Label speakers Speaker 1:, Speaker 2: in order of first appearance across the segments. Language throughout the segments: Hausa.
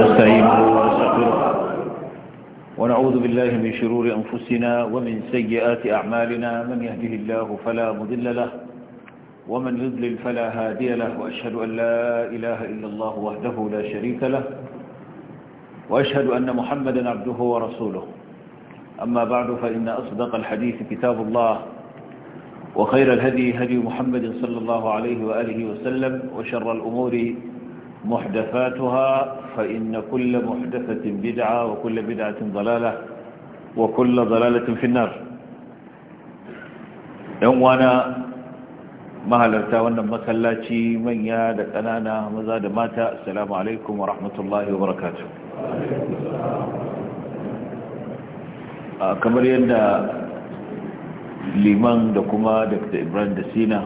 Speaker 1: نستعينه ونستغفره ونعوذ بالله من شرور أنفسنا ومن سيئات أعمالنا من يهده الله فلا مضل له ومن يضلل فلا هادي له وأشهد أن لا إله إلا الله وحده لا شريك له وأشهد أن محمدا عبده ورسوله أما بعد فإن أصدق الحديث كتاب الله وخير الهدي هدي محمد صلى الله عليه وآله وسلم وشر الأمور محدثاتها فإن كل محدثة بدعة وكل بدعة ضلالة وكل ضلالة في النار يوانا mahalarta wannan masallaci manya da ƙanana maza da mata assalamu alaikum wa rahmatullahi wa barakatu kamar yadda liman da kuma dr ibrahim da sina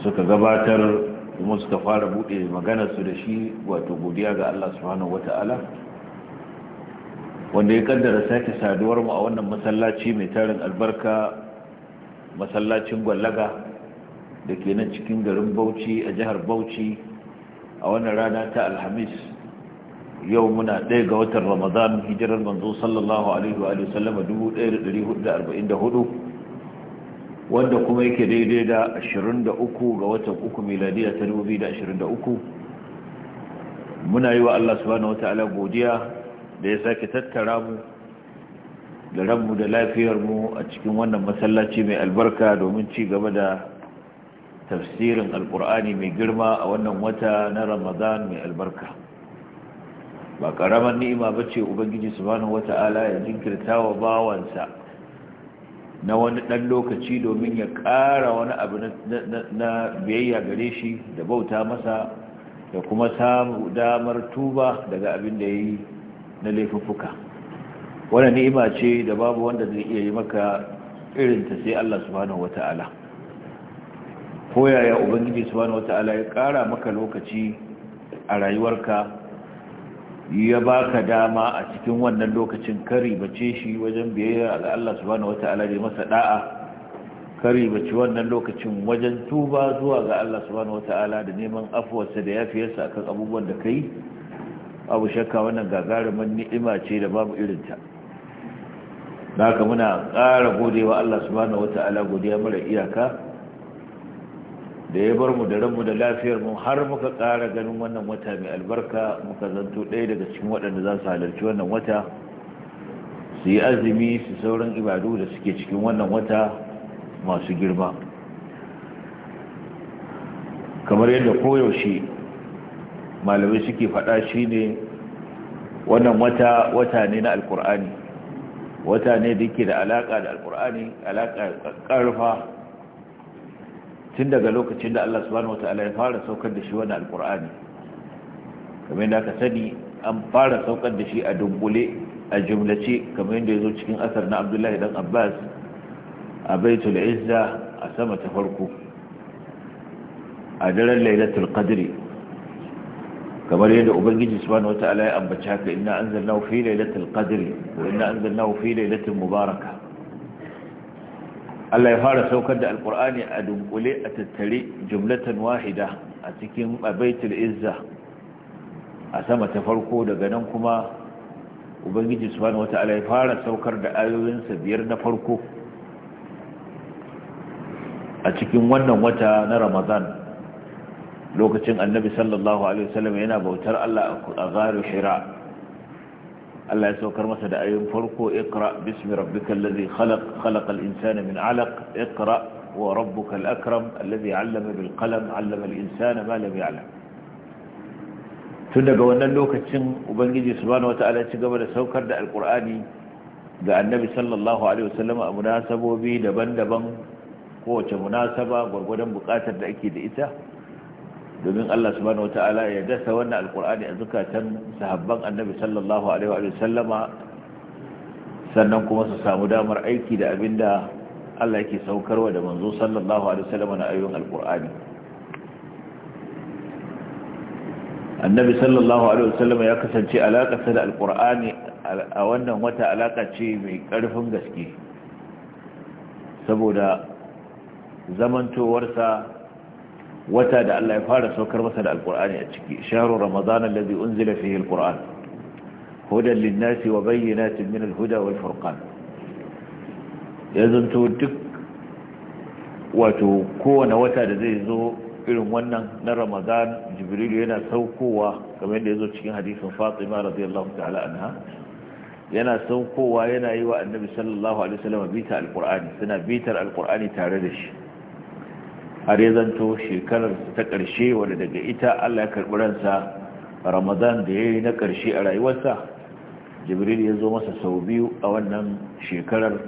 Speaker 1: suka gabatar kuma suka fara buɗe maganarsu da shi wato godiya ga Allah subhanahu wata'ala wanda ya kaddara sake saduwar mu a wannan masallaci mai tarin albarka masallacin gwallaga da ke nan cikin garin bauchi a jihar bauchi a wannan rana ta alhamis yau muna ɗaya ga watan ramadan hijirar manzo sallallahu alaihi wa sallama 1444 wanda kuma yake daidai da 23 ga watan uku miladiya ta 2023 muna yi wa Allah subhanahu wata'ala godiya da ya sake tattara mu da ranmu da lafiyar mu a cikin wannan masallaci mai albarka domin ci gaba da tafsirin alkur'ani mai girma a wannan wata na ramadan mai albarka ba karamar ni'ima ba ce ubangiji subhanahu wata'ala ya jinkirta wa bawansa na wani ɗan lokaci domin ya ƙara wani abu na biyayya gare shi da bauta masa da kuma samu damar tuba daga abin da ya yi na laifuffuka wani ni'ima ce da babu wanda zai iya yi maka irinta sai Allah subhanahu ta'ala ko yaya ubangiji subhanahu ta'ala ya ƙara maka lokaci a rayuwarka ya baka dama a cikin wannan lokacin kari bace shi wajen biyayya ga Allah subhanahu wata'ala da masa da'a kari bace wannan lokacin wajen tuba zuwa ga Allah subhanahu wata'ala da neman afuwarsa da yafiyarsa akan abubuwan da kai abu shakka wannan gagarumin ni'ima ce da babu irin ta haka muna ƙara godewa Allah subhanahu wata'ala godiya mara iyaka da ya bar mu da ranmu da lafiyar mu har muka ƙara ganin wannan wata mai albarka muka zanto ɗaya daga cikin waɗanda za su halarci wannan wata su yi azumi su sauran ibadu da suke cikin wannan wata masu girma kamar yadda koyaushe malamai suke faɗa shi ne wannan wata wata ne na alkur'ani wata ne da yake da alaƙa da alkur'ani alaƙa ƙarfa tun daga lokacin da Allah subhanahu wataala ya fara saukar da shi wani alkur'ani kamar yadda aka sani an fara saukar da shi a dunkule a jumlace kamar yadda ya zo cikin asar na abdullahi dan abbas a baitul izza a sama ta farko a daren lailatul qadri kamar yadda ubangiji subhanahu wataala ya ambace haka inna anzalnahu fi lailatul qadri wa inna anzalnahu fi lailatin mubarakah Allah ya fara saukar da alkur'ani a dunkule a tattare jumlatan wahida a cikin baitul izza a sama ta farko daga nan kuma ubangiji subhanahu wata'ala ya fara saukar da ayoyinsa biyar na farko a cikin wannan wata na ramadan lokacin annabi sallallahu alaihi wasallam yana bautar Allah a gharu hira Allah ya saukar masa da ayoyin farko ikra bismi rabbikal ladhi khalaq khalaqal insana min 'alaq ikra wa rabbukal akram alladhi 'allama bil qalam 'allama al insana ma lam ya'lam tun daga wannan lokacin ubangiji subhanahu wata'ala ci gaba da saukar da alqur'ani ga annabi sallallahu alaihi wasallam a munasabobi daban-daban kowace munasaba gwargwadon bukatar da ake da ita domin Allah subhanahu wata'ala ya dasa wannan alkur'ani a zukatan sahabban annabi sallallahu alaihi wa sallama sannan kuma su samu damar aiki da abinda Allah yake saukarwa da manzo sallallahu alaihi wa sallama na ayoyin alkur'ani annabi sallallahu alaihi wa sallama ya kasance alaƙa da alkur'ani a wannan wata alaƙa ce mai ƙarfin gaske saboda zamantowarsa wata da Allah ya fara saukar masa da Alƙur'ani a ciki sharu ramadana allazi unzila fihi alquran hudan linnasi wa bayyinatin min alhuda wal furqan yanzu duk wato kowane wata da zai zo irin wannan na ramadan jibrilu yana saukowa kamar yadda ya zo cikin hadisin fatima radiyallahu ta'ala anha yana saukowa yana yi wa annabi sallallahu alaihi wasallam bita alqur'ani suna bitar alqur'ani tare da shi har ya zanto shekarar ta ƙarshe wadda daga ita Allah ya karɓi ransa ramadan da ya yi na ƙarshe a rayuwarsa jibril ya zo masa sau biyu a wannan shekarar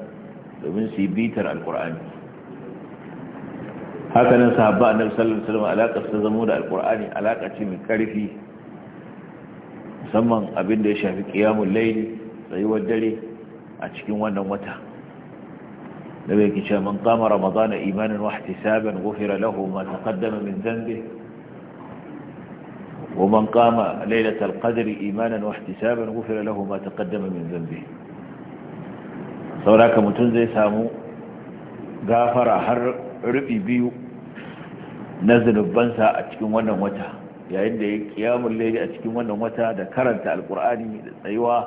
Speaker 1: domin su yi bitar alƙur'ani hakanan sahabba annabi sallallahu alaihi wasallam alaƙar ta zamo da alƙur'ani alaƙa ce mai ƙarfi musamman abin da ya shafi ƙiyamun layl tsayuwar dare a cikin wannan wata نبي كشاء من قام رمضان إيمانا واحتسابا غفر له ما تقدم من ذنبه ومن قام ليلة القدر إيمانا واحتسابا غفر له ما تقدم من ذنبه sauraka mutum zai samu gafara har rubi biyu na zunubansa a cikin wannan wata yayin da ya kiyamun laili a cikin wannan wata da karanta alkur'ani da tsayuwa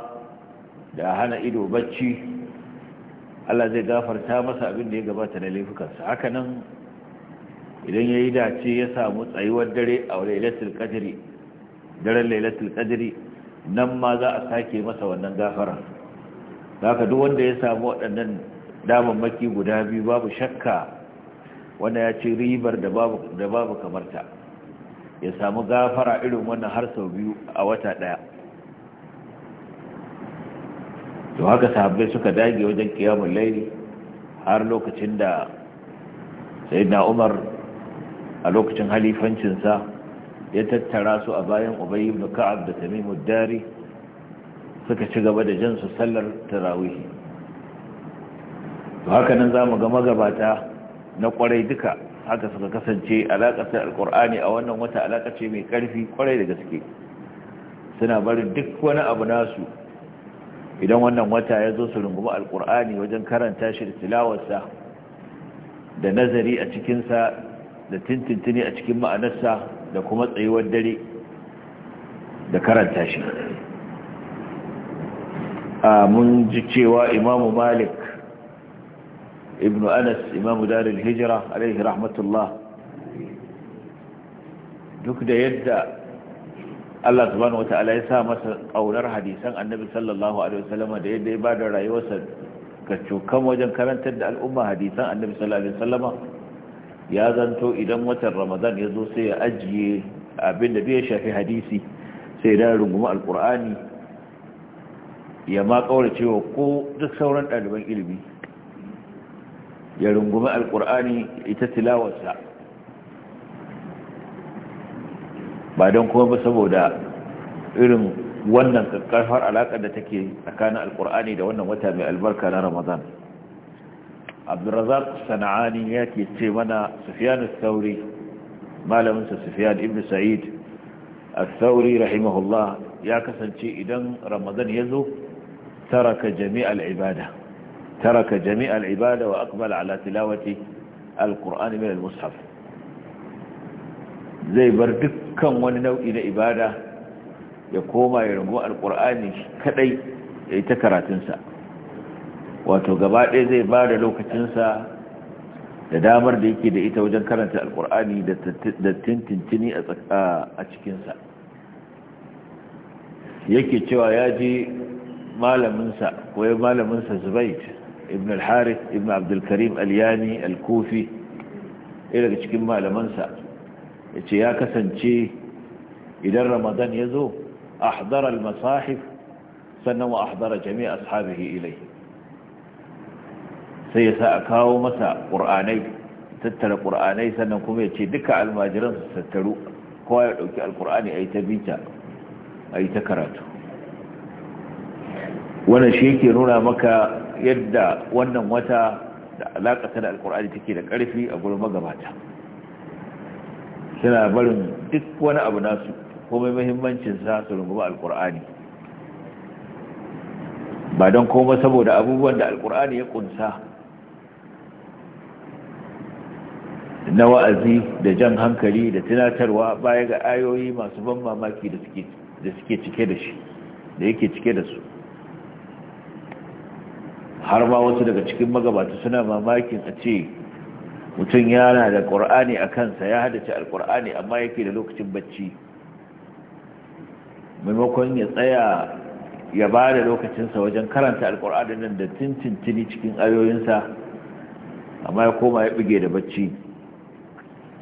Speaker 1: da hana ido bacci Allah zai gafarta masa abin da ya gabata na laifukansa haka nan idan ya yi dace ya samu tsayuwar dare a lailatul qadri daren lailatul qadri nan ma za a sake masa wannan gafara haka duk wanda ya samu waɗannan damammaki guda biyu babu shakka wanda ya ci ribar da babu da babu kamarta ya samu gafara irin wannan har sau biyu a wata ɗaya da haka sahabbai suka dage wajen kiyamun laili har lokacin da sayyidina umar a lokacin halifancinsa ya tattara su a bayan ubayi ibn da tamimu dari suka ci gaba da jan su sallar tarawihi to haka nan zamu ga magabata na kwarai duka haka suka kasance alaƙatar alƙur'ani a wannan wata alaƙa ce mai ƙarfi kwarai da gaske suna barin duk wani abu nasu idan wannan wata ya zo su rungumi alkur'ani wajen karanta shi da tilawarsa da nazari a cikinsa da tintintini a cikin ma'anarsa da kuma tsayuwar dare da karanta shi a mun ji cewa imamu malik ibn anas imamu darul hijira alaihi rahmatullah duk da yadda Allah subhanahu wata'ala ya sa masa ƙaunar hadisan annabi sallallahu alaihi wasallam da yadda ya bada rayuwarsa ga cokan wajen karantar da al'umma hadisan annabi sallallahu alaihi wasallam ya zanto idan watan ramadan ya zo sai ya ajiye abin da bai shafi hadisi sai dan runguma alkur'ani ya ma kaura cewa ko duk sauran ɗaliban ilimi ya rungumi alkur'ani ita tilawarsa ba don kuma saboda irin wannan kakkarfar alaƙar da take tsakanin alƙur'ani da wannan wata mai albarka na ramadan abdurrazak sana'ani ya ke ce mana sufiyan sauri malaminsa sufiyan ibn sa'id al-sauri rahimahullah ya kasance idan ramadan ya zo taraka jami'al ibada taraka jami'al ibada wa akbala ala tilawati al-qur'ani min al-mushaf zai bar dukkan wani nau'i na ibada ya koma ya rungu alkur'ani kaɗai ya yi ta karatunsa wato gaba ɗaya zai ba da lokacinsa da damar da yake da ita wajen karanta alkur'ani da tintintini a cikinsa yake cewa ya ji malaminsa ko ya malaminsa zubaid ibn al-harith ibn abdulkarim al yani al-kufi daga cikin malamansa ya ce ya kasance idan ramadan ya zo ahdara al-masahif sannan wa ahdara jami'a ashabihi ilai sai ya sa a kawo masa ƙur'anai tattara ƙur'anai sannan kuma ya ce duka almajiran su tattaru kowa ya ɗauki Alkur'ani a yi ta bita a ta karatu wannan shi yake nuna maka yadda wannan wata da alaƙa ta da alƙur'ani take da ƙarfi a gurin magabata suna barin duk wani abu nasu komai mahimmancin sa su rungumi alkur'ani ba don koma saboda abubuwan da alkur'ani ya kunsa na wa'azi da jan hankali da tunatarwa baya ga ayoyi masu ban mamaki da suke cike da shi da yake cike da su har ma wasu daga cikin magabata suna mamakin a ce mutum yana da ƙur'ani a kansa ya haddace alƙor'ani amma yake da lokacin bacci maimakon ya tsaya ya ba da lokacinsa wajen karanta alƙor'ani nan da tintintini cikin ayoyinsa amma ya koma ya buge da bacci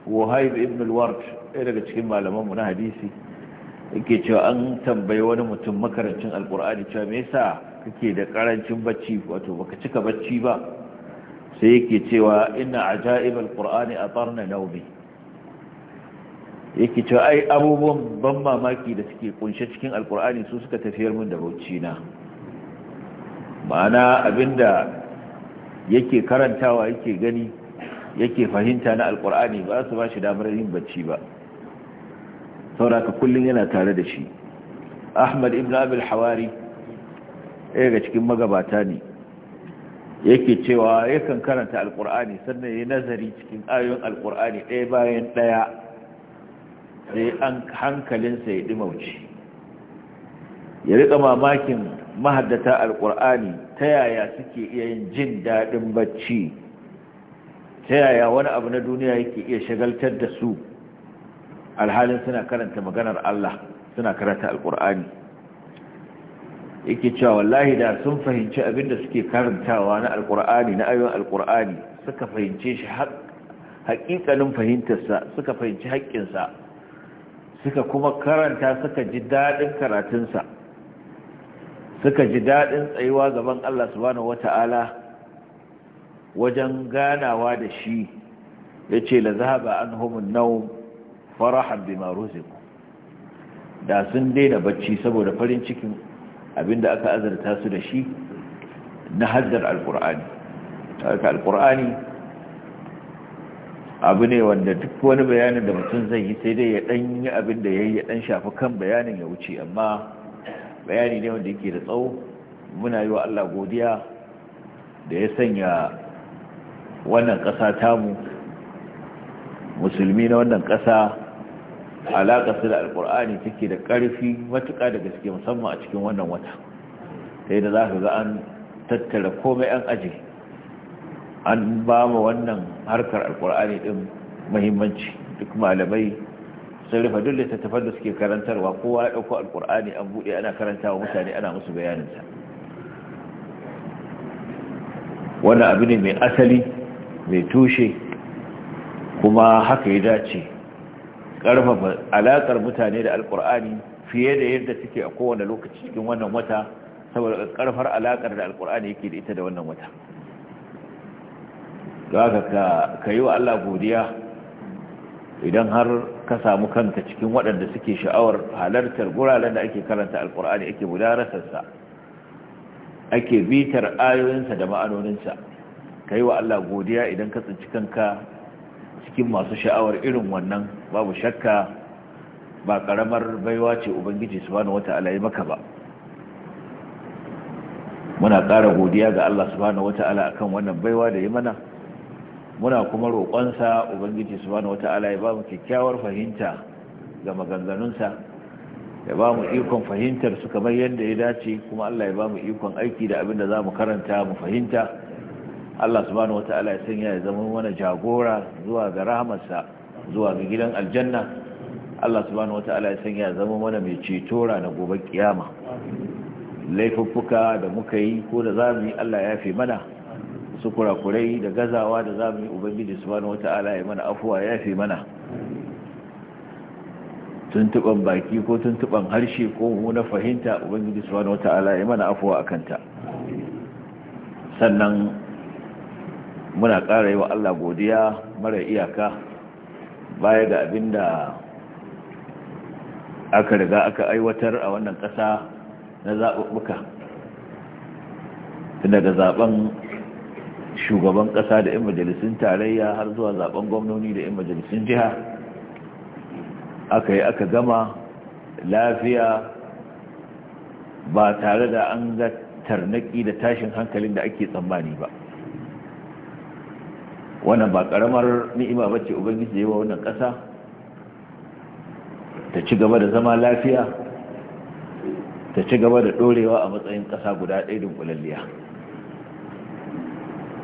Speaker 1: wahayib ibn al ɗaya daga cikin malamanmu na hadisi yake cewa an tambayi wani mutum makarancin alƙur'ani cewa me yasa kake da ƙarancin bacci wato baka cika bacci ba sai yake cewa ina ajaibal a atarna naumi yake cewa ai abubuwan ban mamaki da suke kunshe cikin alqur'ani su suka tafiyar min da bauci na ma'ana abinda yake karantawa yake gani yake fahimta na alqur'ani ba su ba shi damar yin bacci ba sauraka kullum yana tare da shi ahmad ibn abil hawari ɗaya ga cikin magabata ne yake cewa yakan karanta alkur'ani sannan ya nazari cikin ayoyin alkur'ani ɗaya bayan ɗaya sai an hankalinsa ya ɗi mauci ya riƙa mamakin mahaddata alkur'ani ta yaya suke iya yin jin daɗin bacci ta yaya wani abu na duniya yake iya shagaltar da su alhalin suna karanta maganar Allah suna karanta alkur'ani yake cewa wallahi da sun fahimci abin da suke karantawa na alkur'ani na ayoyin alkur'ani suka fahimce shi haƙiƙanin fahimtarsa suka fahimci haƙƙinsa suka kuma karanta suka ji daɗin karatunsa suka ji daɗin tsayuwa gaban Allah subhanahu wata'ala wajen ganawa da shi ya ce la zahaba an homin nau farahan bima da sun daina bacci saboda farin cikin abinda aka azarta su da shi na haddar alkur'ani haka alkur'ani abu ne wanda duk wani bayanin da mutum zai yi sai dai ya dan yi abin da ya yi ya dan shafi kan bayanin ya wuce amma bayani ne wanda yake da tsawo muna yi wa Allah godiya da ya sanya wannan ƙasa tamu musulmi na wannan ƙasa alaƙa su da alƙur'ani take da ƙarfi matuƙa da gaske musamman a cikin wannan wata sai da za ka ga an tattara komai an aji an ba mu wannan harkar alƙur'ani ɗin mahimmanci duk malamai sun rufe duk littattafan da suke karantarwa kowa ya ɗauko alƙur'ani an buɗe ana karanta wa mutane ana musu bayaninsa wannan abu ne mai asali mai tushe kuma haka ya dace karfafa alakar mutane da alkur'ani fiye da yadda suke a kowane lokaci cikin wannan wata saboda karfar alakar da alkur'ani yake da ita da wannan wata ka ka yi wa Allah godiya idan har ka samu kanka cikin waɗanda suke sha'awar halartar guraren da ake karanta alkur'ani ake mudarasarsa ake bitar ayoyinsa da ma'anoninsa ka yi wa Allah godiya idan ka tsinci kanka cikin masu sha'awar irin wannan babu shakka ba karamar baiwa ce ubangiji subhanahu wata'ala ya maka ba muna ƙara godiya ga Allah subhanahu wata'ala akan wannan baiwa da ya mana muna kuma roƙonsa ubangiji subhanahu wata'ala ya ba mu kyakkyawar fahimta ga maganganunsa ya ba mu ikon fahimtar su kamar yadda ya dace kuma Allah ya ba mu ikon aiki da abin da za mu karanta mu fahimta Allah subhanahu wata'ala ya sanya ya zama wani jagora zuwa ga rahamarsa zuwa ga gidan aljanna Allah subhanahu wata'ala ya sanya ya zama wani mai ceto na gobe kiyama laifuffuka da muka yi ko da mu yi Allah ya fi mana su kurakurai da gazawa da mu yi ubangiji subhanahu wata'ala ya mana afuwa ya fi mana tuntuban baki ko tuntuban harshe ko na fahimta ubangiji subhanahu wata'ala ya mana afuwa akanta sannan muna ƙara yi wa Allah godiya mara iyaka baya ga abin da aka riga aka aiwatar a wannan ƙasa na zaɓuɓɓuka daga zaɓen shugaban ƙasa da 'yan majalisun tarayya har zuwa zaɓen gwamnoni da 'yan majalisun jiha aka yi aka gama lafiya ba tare da an ga tarnaki da tashin hankalin da ake tsammani ba wannan ba karamar ni'ima bace ubangiji yi wa wannan kasa ta ci gaba da zama lafiya ta ci gaba da dorewa a matsayin ƙasa guda ɗaya da dunkulalliya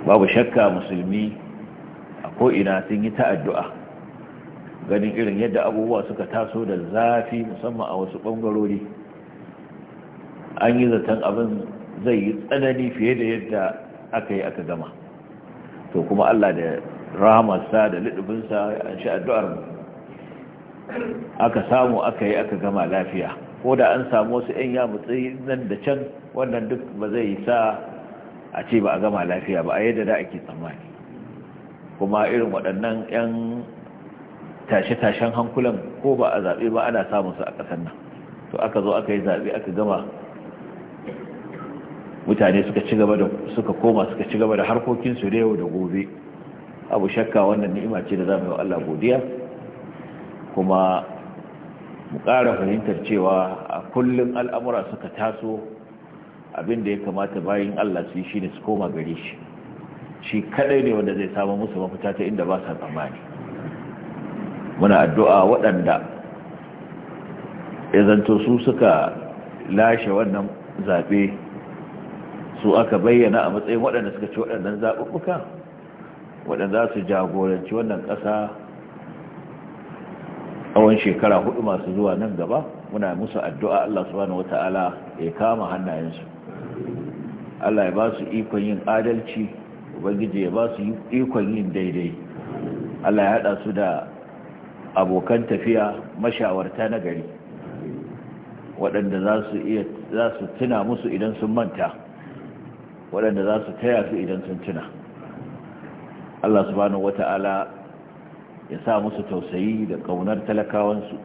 Speaker 1: babu shakka musulmi a ko'ina sun yi ta'addu'a ganin irin yadda abubuwa suka taso da zafi musamman a wasu ɓangarori an yi zaton abin zai yi tsanani fiye da yadda aka yi aka gama to kuma Allah da rahamarsa da lidubinsa an shi addu'ar aka samu aka yi aka gama lafiya ko da an samu wasu 'yan ya mutsi nan da can wannan duk ba zai yi sa a ce ba a gama lafiya ba a yadda da ake tsammani kuma irin waɗannan 'yan tashe-tashen hankulan ko ba a zaɓe ba ana samun su a ƙasar nan to aka zo aka yi zaɓe aka gama mutane suka ci gaba da suka koma suka ci gaba da harkokin su da yau da gobe abu shakka wannan ni'ima ce da zamu yi wa Allah godiya kuma mu ƙara fahimtar cewa a kullum al'amura suka taso abin da ya kamata bayan Allah su yi shi ne su koma gare shi shi kadai ne wanda zai samu musu mafita ta inda ba sa tsammani muna addu'a waɗanda ya zanto su suka lashe wannan zaɓe su aka bayyana a matsayin waɗanda suka ci waɗannan zaɓuɓɓuka waɗanda za su jagoranci wannan ƙasa a wani shekara hudu masu zuwa nan gaba muna musu addu'a Allah subhanahu wata'ala ya kama hannayensu Allah ya ba su ikon yin adalci ubangiji ya ba su ikon yin daidai Allah ya haɗa su da abokan tafiya mashawarta na gari waɗanda za su tuna musu idan sun manta waɗanda za su taya su idan sun tuna Allah subhanahu wata'ala ya sa musu tausayi da ƙaunar talakawansu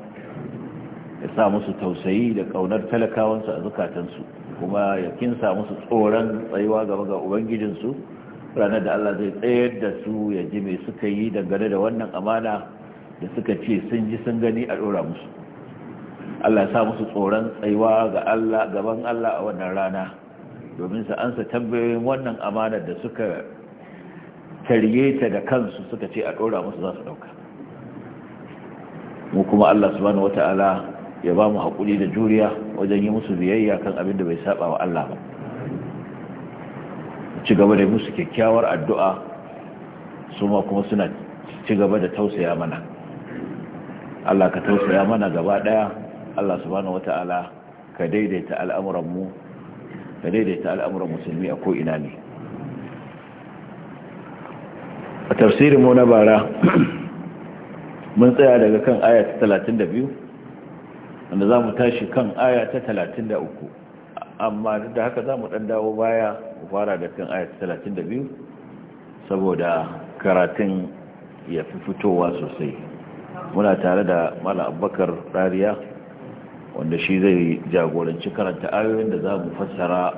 Speaker 1: ya sa musu tausayi da ƙaunar talakawansu a zukatansu kuma ya kinsa musu tsoron tsayuwa gaba ga ubangijinsu ranar da Allah zai tsayar da su ya ji mai suka yi dangane da wannan amana da suka ce sun ji sun gani a ɗora musu Allah ya sa musu tsoron tsayuwa ga Allah gaban Allah a wannan rana domin su ansa tambayoyin wannan amanar da suka tarye ta da kansu suka ce a ɗora musu za su ɗauka mu kuma Allah subhanahu wata'ala ya ba mu haƙuri da juriya wajen yi musu biyayya kan abin da bai saba wa Allah ba ci gaba da musu kyakkyawar addu'a su ma kuma suna ci gaba da tausaya mana Allah ka tausaya mana gaba ɗaya Allah subhanahu wata'ala ka daidaita al'amuranmu ka daidaita al'amuran musulmi a ko'ina ne a tafsirin mu na bara mun tsaya daga kan aya ta 32 wanda za mu tashi kan aya ta 33 amma da haka za mu ɗan dawo baya mu fara da kan aya ta 32 saboda karatun ya fi fitowa sosai muna tare da mala abubakar rariya wanda shi zai jagoranci karanta ayoyin da za mu fassara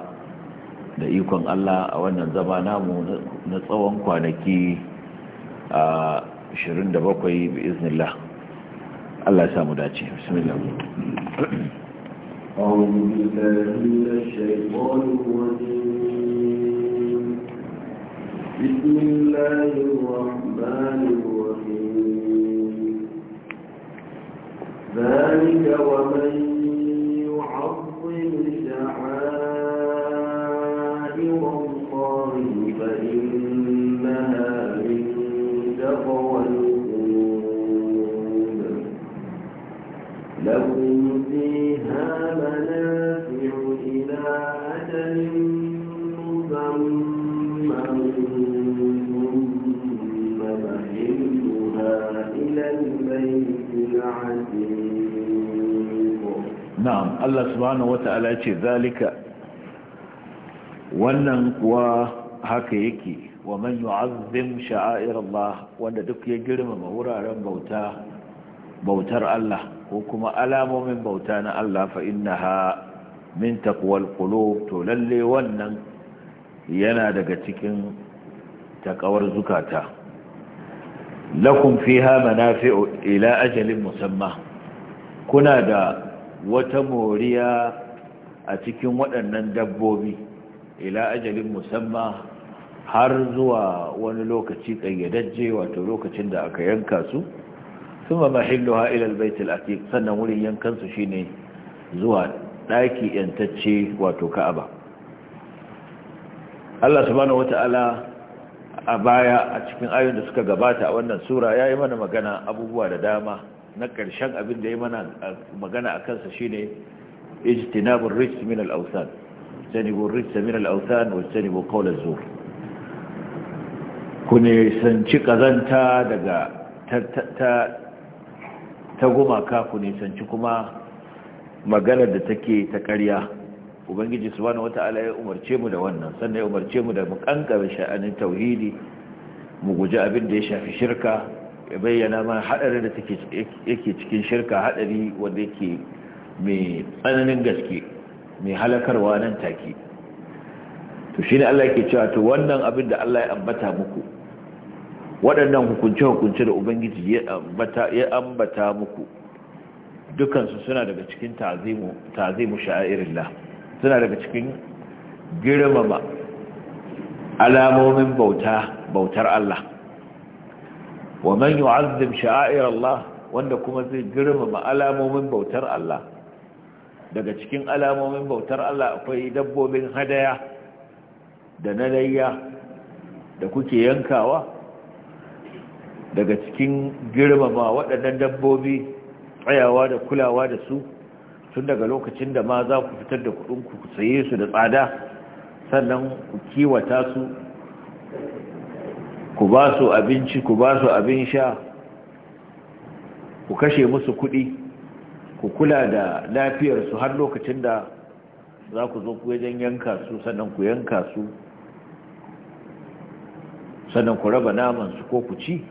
Speaker 1: da ikon Allah a wannan zama namu na tsawon kwanaki a 27 bi iznillah Allah ya samu dace bismillah
Speaker 2: أعوذ بسم الله الرحمن الرحيم
Speaker 1: ذلك
Speaker 2: ومن يعظم شعائر الله فإنها من تقوى القلوب لهم فيها منافع إلى أجل مسمى ثم محلها إلى البيت
Speaker 1: العتيق na'am Allah subhanahu wata'ala ce zalika wannan kuwa haka yake wa man yu'azzim sha'air Allah wanda duk ya girmama wuraren bauta bautar Allah ko kuma alamomin bauta na Allah fa innaha min taqwal qulub to lalle wannan yana daga cikin takawar zukata lakum fiha manafi'u ila ajalin musamma kuna da wata moriya a cikin waɗannan dabbobi ila ajalin musamman har zuwa wani lokaci ƙayyadajje wato lokacin da aka yanka su sun ma mahilluwa ilal baitul atiq sannan wurin yankansu shine zuwa ɗaki yantacce wato ka'aba Allah subhanahu wata'ala a baya a cikin ayoyin da suka gabata a wannan sura ya yi mana magana abubuwa da dama na ƙarshen abin da ya mana magana a kansa shi ne ijtinabun rijs min al'ausan janibun rijs min al'ausan wa janibun kawular zuwa ku nisanci ƙazanta daga ta gumaka ku nisanci kuma maganar da take ta ƙarya ubangiji su subhanahu wata'ala ya umarce mu da wannan sannan ya umarce mu da mu ƙanƙar sha'anin tauhidi mu guji abin da ya shafi shirka ya bayyana ma hadarin da yake cikin shirka hadari wanda yake mai tsananin gaske mai halakarwa nan take to shine Allah yake cewa to wannan abin da Allah ya ambata muku waɗannan hukunce-hukunce da Ubangiji ya ambata muku su suna daga cikin tazimu sha'irillah suna daga cikin girmama alamomin bauta bautar Allah wa man yu'azzim sha'air Allah wanda kuma zai girmama alamomin bautar Allah daga cikin alamomin bautar Allah akwai dabbobin hadaya da nalayya da kuke yankawa daga cikin girmama waɗannan dabbobi tsayawa da kulawa da su tun daga lokacin da ma za ku fitar da kuɗinku ku saye su da tsada sannan ku kiwata su ku ba su abinci ku ba su abin sha ku kashe musu kuɗi ku kula da lafiyarsu har lokacin da za ku zo wajen yanka su sannan ku yanka su sannan ku raba naman su ko ku ci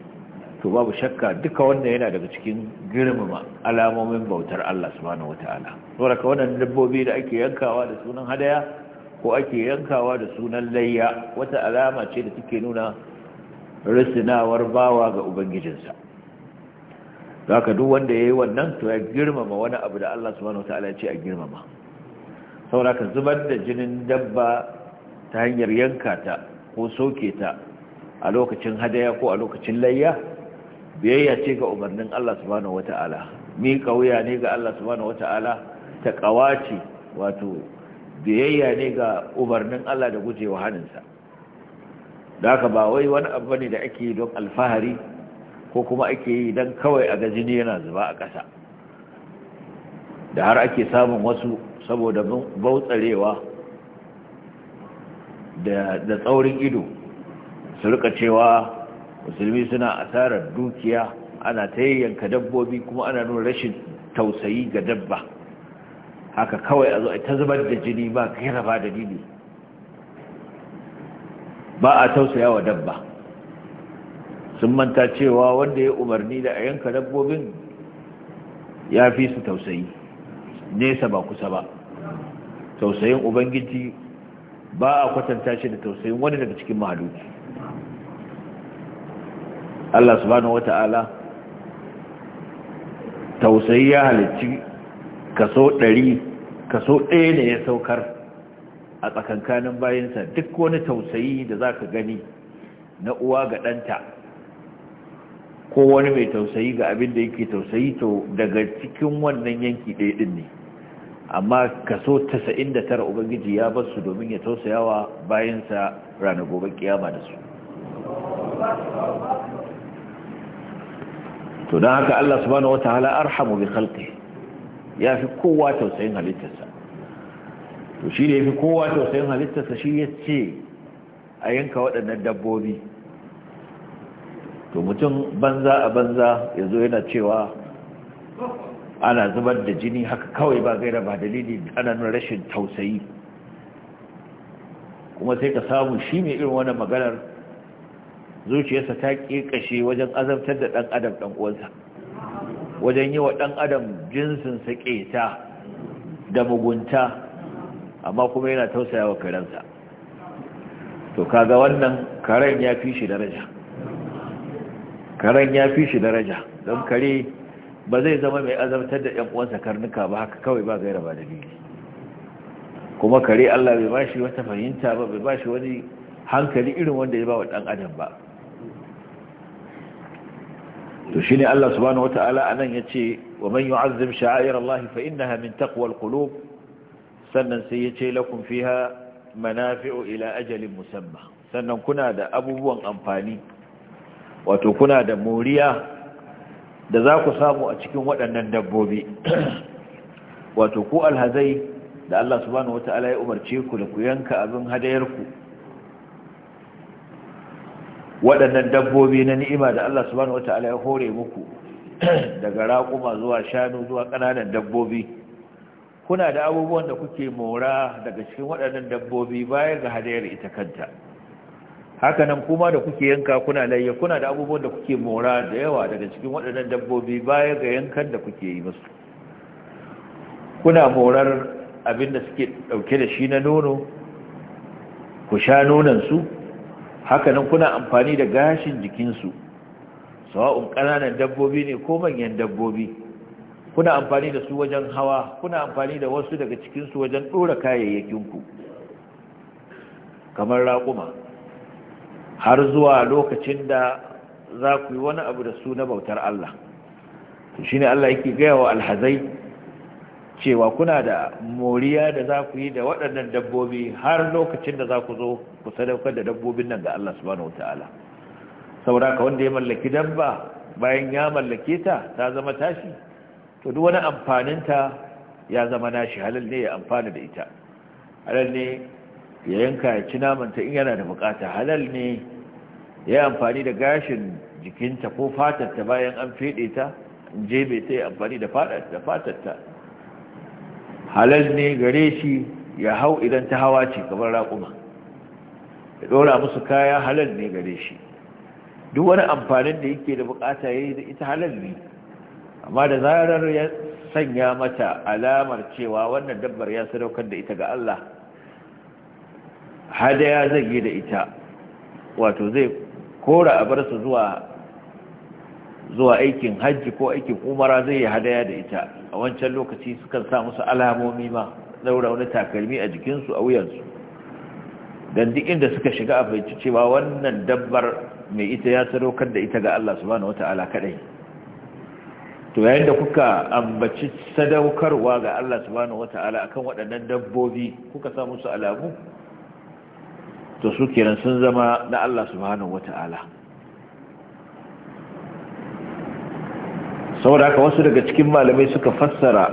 Speaker 1: to babu shakka duka wannan yana daga cikin girmama alamomin bautar Allah subhanahu wataala saboda wannan dabbobi da ake yankawa da sunan hadaya ko ake yankawa da sunan layya wata alama ce da take nuna risinawar bawa ga ubangijinsa Za ka duk wanda ya yi wannan to ya girmama wani abu da Allah subhanahu wataala ya ce a girmama saboda ka zubar da jinin dabba ta hanyar yanka ta ko soke ta a lokacin hadaya ko a lokacin layya biyayya ce ga umarnin Allah subhanahu ta'ala mi kawuya ne ga Allah subhanahu ta'ala ta kawace wato biyayya ne ga umarnin Allah da gujewa haninsa da haka ba wai wani abu ne da ake yi don alfahari ko kuma ake yi don kawai a jini yana zuba a ƙasa da har ake samun wasu saboda bautsarewa da tsaurin ido su rika cewa musulmi suna asarar dukiya ana ta yanka dabbobi kuma ana nuna rashin tausayi ga dabba haka kawai a zo ta zubar da jini ba kira ba dalili ba a tausaya wa dabba sun manta cewa wanda ya umarni da a yanka dabbobin ya fi su tausayi nesa ba kusa ba tausayin ubangiji ba a kwatanta shi da tausayin wani daga cikin mahaluki Allah subhanahu wata'ala tausayi ya halicci kaso ɗari kaso ɗaya ne ya saukar a tsakankanin bayansa duk wani tausayi da za ka gani na uwa ga ɗanta ko wani mai tausayi ga abin da yake tausayi to daga cikin wannan yanki ɗaya ɗin ne amma kaso da 99 ubangiji ya bar su domin ya tausayawa bayansa ranar gobe kiyama da su to don haka Allah subhanahu ta'ala arhamu bi khalqi ya fi kowa tausayin halittarsa to shi da fi kowa tausayin halittarsa shi ya ce a yanka waɗannan dabbobi to mutum banza a banza ya zo yana cewa ana zubar da jini haka kawai ba gaira ba dalili ana nuna rashin tausayi kuma sai ka samu shi mai irin wani maganar zuciyarsa ta ƙiƙashe wajen azabtar da ɗan adam ɗan uwansa wajen yi wa ɗan adam jinsinsa ƙeta da mugunta amma kuma yana tausaya wa karensa to kaga wannan karen ya fi shi daraja karen ya fi shi daraja don kare ba zai zama mai azabtar da ‘yan uwansa karnuka ba haka kawai ba gaira ba dalili kuma kare Allah bai ba shi wata fahimta ba bai ba shi wani hankali irin wanda ya ba wa ɗan adam ba to shine Allah subhanahu wata'ala anan yace wa man yu'azzim sha'air Allah fa innaha min taqwal qulub sannan sai ya ce lakum fiha manafi'u ila ajalin musamma sannan kuna da abubuwan amfani wato kuna da moriya da za ku samu a cikin waɗannan dabbobi wato ku alhazai da Allah subhanahu wata'ala ya umarce ku da ku yanka abin hadayarku waɗannan dabbobi na ni'ima da Allah subhanahu wata'ala ya hore muku daga raƙuma zuwa shanu zuwa ƙananan dabbobi kuna da abubuwan da kuke mora daga cikin waɗannan dabbobi baya ga hadayar ita kanta haka nan kuma da kuke yanka kuna layya kuna da abubuwan da kuke mora da yawa daga cikin waɗannan dabbobi baya ga yankan da kuke yi musu kuna morar abin da suke ɗauke da shi na nono ku sha nonansu haka nan kuna amfani da gashin jikinsu sawa'un ƙananan dabbobi ne ko manyan dabbobi kuna amfani da su wajen hawa kuna amfani da wasu daga cikinsu wajen kayayyakin ku. kamar raƙuma har zuwa lokacin da za ku yi wani abu da su na bautar Allah shi ne Allah yake gaya wa alhazai cewa kuna da moriya da za ku yi da waɗannan dabbobi har lokacin da za ku zo ku sadaukar da dabbobin nan ga Allah subhanahu wataala saboda ka wanda ya mallaki dabba bayan ya mallake ta ta zama tashi to duk wani amfaninta ya zama nashi halal ne ya amfana da ita halal ne ya yanka ya ci namanta in yana da bukata halal ne ya amfani da gashin jikinta ko fatarta bayan an fede ta in jebe ta ya amfani da fatarta halal ne gare shi ya hau idan ta hawa ce kamar raƙuma ya ɗora musu kaya halal ne gare shi duk wani amfanin da yake da bukata ya yi da ita halal ne amma da zarar ya sanya mata alamar cewa wannan dabbar ya sadaukar da ita ga Allah hadaya zai yi da ita wato zai kora a bar su zuwa zuwa aikin hajji ko aikin umara zai yi hadaya da ita a wancan lokaci sukan sa musu alamomi ma daura wani takalmi a jikinsu a wuyansu don duk inda suka shiga a fahimci cewa wannan dabbar mai ita ya sadaukar da ita ga Allah subhanahu wata'ala kadai to yayin da kuka ambaci sadaukarwa ga Allah subhanahu wata'ala akan waɗannan dabbobi kuka samu su alamu to su kiran sun zama na Allah subhanahu wata'ala saboda haka wasu daga cikin malamai suka fassara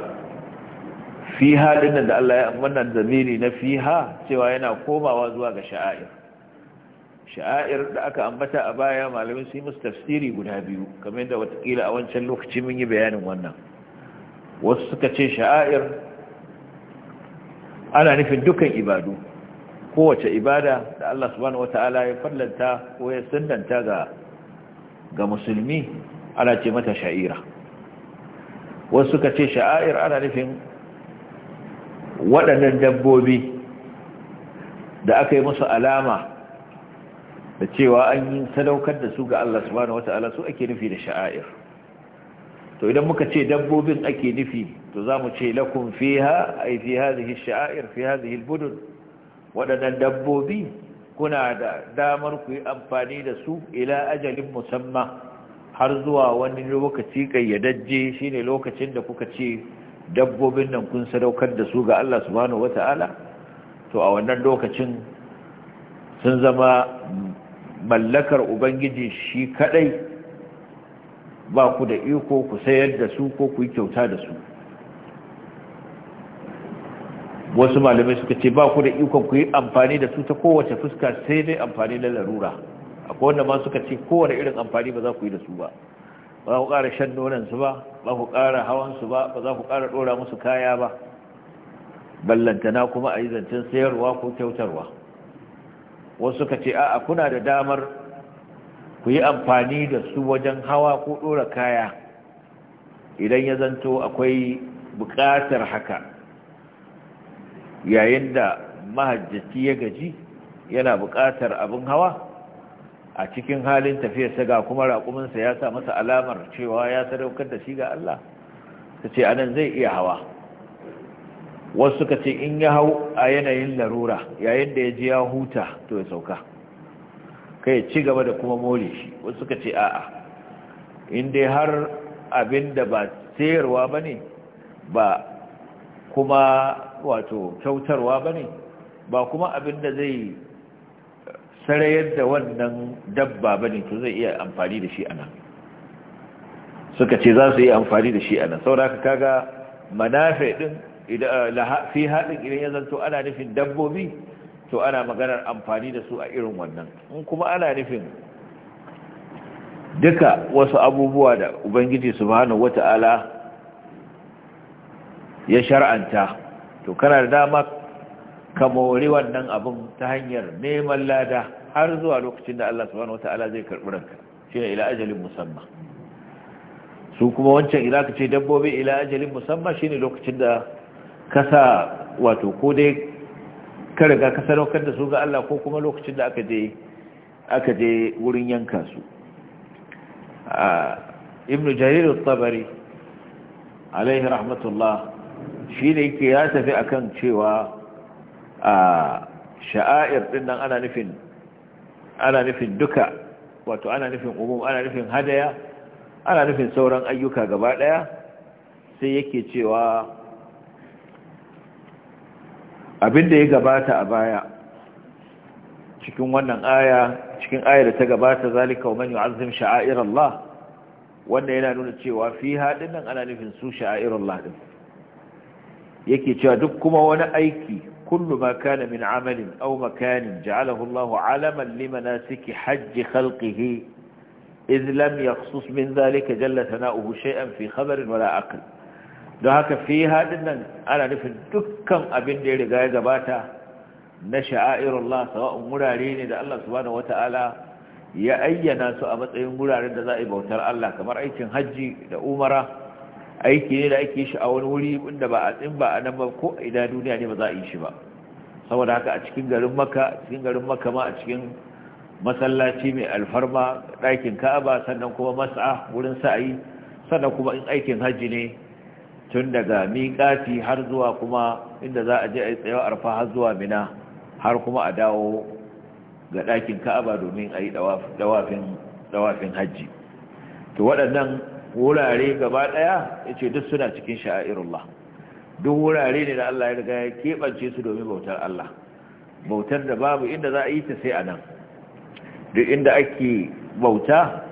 Speaker 1: fiha dinnan da Allah ya wannan zamiri na fiha cewa yana komawa zuwa ga sha'air sha'air da aka ambata a baya malamin su yi musu tafsiri guda biyu kamar yadda watakila a wancan lokaci mun yi bayanin wannan wasu suka ce sha'air ana nufin dukan ibadu kowace ibada da Allah subhanahu ta'ala ya fallanta ko ya sandanta ga ga musulmi ana ce mata sha'ira wasu suka ce sha'air ana nufin waɗannan dabbobi da aka yi musu alama da cewa an yi sadaukar da su ga Allah subhanahu wata'ala su ake nufi da sha'air to idan muka ce dabbobin ake nufi to za mu ce lakum fiha ai fi hadhihi sha'air fi hadhihi albudun wadannan dabbobi kuna da damar ku yi amfani da su ila ajalin musamma har zuwa wani lokaci kayyadajje shine lokacin da kuka ce dabbobin nan kun sadaukar da su ga Allah subhanahu wata'ala to a wannan lokacin sun zama mallakar ubangiji shi kadai ba ku da iko ku sayar da su ko ku yi kyauta da su wasu malamai suka ce ba ku da iko ku yi amfani da su ta kowace fuska sai dai amfani na larura akwai wanda ma suka ce kowane irin amfani ba za ku yi da su ba ba ku kara shan nonansu ba ba ku kara hawansu ba ba za ku kara ɗora musu kaya ba ballantana kuma a yi zancen sayarwa ko kyautarwa wasu suka ce a'a kuna da damar ku yi amfani da su wajen hawa ko ɗora kaya idan ya zanto akwai buƙatar haka yayin da mahajjaci ya gaji yana buƙatar abin hawa a cikin halin tafiyarsa ga kuma raƙuminsa ya sa masa alamar cewa ya sadaukar da shi ga Allah ta ce anan zai iya hawa wasu suka ce in ya hau a yanayin larura yayin da ya ji ya huta to ya sauka kai ci gaba da kuma more shi wasu suka ce a'a in dai har abin da ba sayarwa ba ne ba kuma wato kyautarwa ba ne ba kuma abin da zai sarayar da wannan dabba ba ne to zai iya amfani da shi a nan suka ce za su yi amfani da shi a nan aka kaga manafe din Eh, fi haɗin idan ya zanto ana nufin dabbobi to ana maganar amfani da su a irin wannan in kuma ana nufin duka wasu abubuwa da ubangiji subhanahu wata'ala ya shar'anta to kana da dama ka mori wannan abin ta hanyar neman lada har zuwa lokacin da Allah subhanahu wata'ala zai karɓi ranka shi ne ila ajalin musamman su kuma wancan ila ka ce dabbobi ila ajalin musamman shine lokacin da kasa wato ko dai ka riga ka sadaukar da su ga Allah ko kuma lokacin da aka je aka je wurin yanka su ibnu jarir al-tabari alaihi rahmatullah shi ne yake ya tafi akan cewa a sha'air din nan ana nufin ana nufin duka wato ana nufin umum ana nufin hadaya ana nufin sauran ayyuka gaba daya sai yake cewa abinda ya gabata a baya cikin wannan aya cikin aya da ta gabata zalika wa man yu'azzim sha'air Allah wanda yana nuna cewa fi hadin nan ana nufin su sha'air Allah din yake cewa duk kuma wani aiki kullu ma kana min amalin aw makanin ja'alahu Allah alaman limanasiki hajji khalqihi idh lam yakhsus min zalika jalla sana'uhu shay'an fi khabarin wala aql don haka fi haɗin nan ana nufin dukkan abin da ya riga ya gabata na sha'airullah sawa'un wurare ne da Allah subhanahu ta'ala ya ayyana su a matsayin wuraren da za a yi bautar Allah kamar aikin hajji da umara aiki ne da ake shi a wani wuri inda ba a tsin ba a nan ba ko ina duniya ne ba za a yi shi ba saboda haka a cikin garin maka cikin garin maka ma a cikin masallaci mai alfarma ɗakin ka'aba sannan kuma mas'a wurin sa'ayi sannan kuma in aikin hajji ne tun daga miƙati har zuwa kuma inda za a je a yi tsayawa arfa har zuwa mina har kuma a dawo ga ɗakin ka'aba domin a yi ɗawafin hajji to waɗannan wurare gaba ɗaya ya ce duk suna cikin sha'irullah duk wurare ne da Allah ya riga ya keɓance su domin bautar Allah bautar da babu inda za a yi ta sai a nan duk inda ake bauta